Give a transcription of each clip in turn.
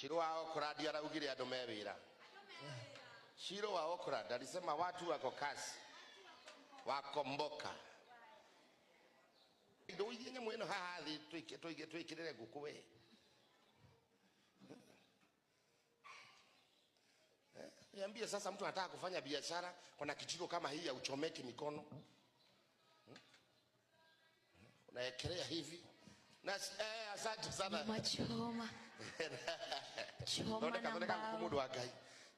Shiro wa Okradi araugire andu me wira. Shiro wa Okradi alisema watu wako kazi, wakomboka ndo iye nyamũ ĩno haha thĩ twĩkĩrĩre ngũkũ we eh, niambie sasa, mtu anataka kufanya biashara, kuna kijiko kama hii ya uchomeki mikono, hmm? hmm? unaekelea hivi na eh,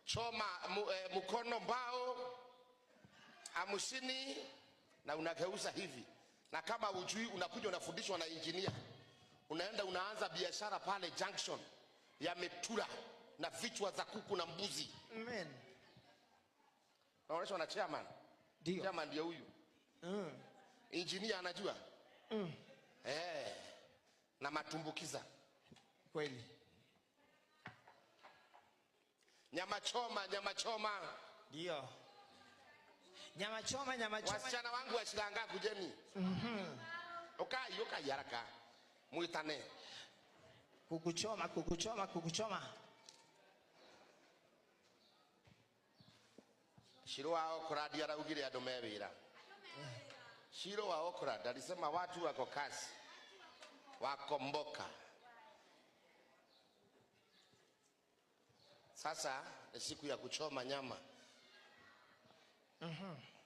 Choma. mbao. mkono eh, mbao hamsini na unageuza hivi, na kama ujui unakuja unafundishwa na injinia, unaenda unaanza biashara pale junction ya Metura na vichwa za kuku na mbuzi. Naonyeshwa na Chairman ndio huyu. Mm. Injinia anajua. Mm matumbukiza kweli, nyama choma, nyama choma ndio nyama choma, nyama choma. Wasichana wangu wa Shilanga kujeni, mhm mm, ukai ukai haraka muitane, kukuchoma, kukuchoma, kukuchoma Shiro wao kuradi araugire andu me eh. Shiro wa kuradi alisema watu wako kasi wakomboka. Sasa ni siku ya kuchoma nyama. Mm-hmm.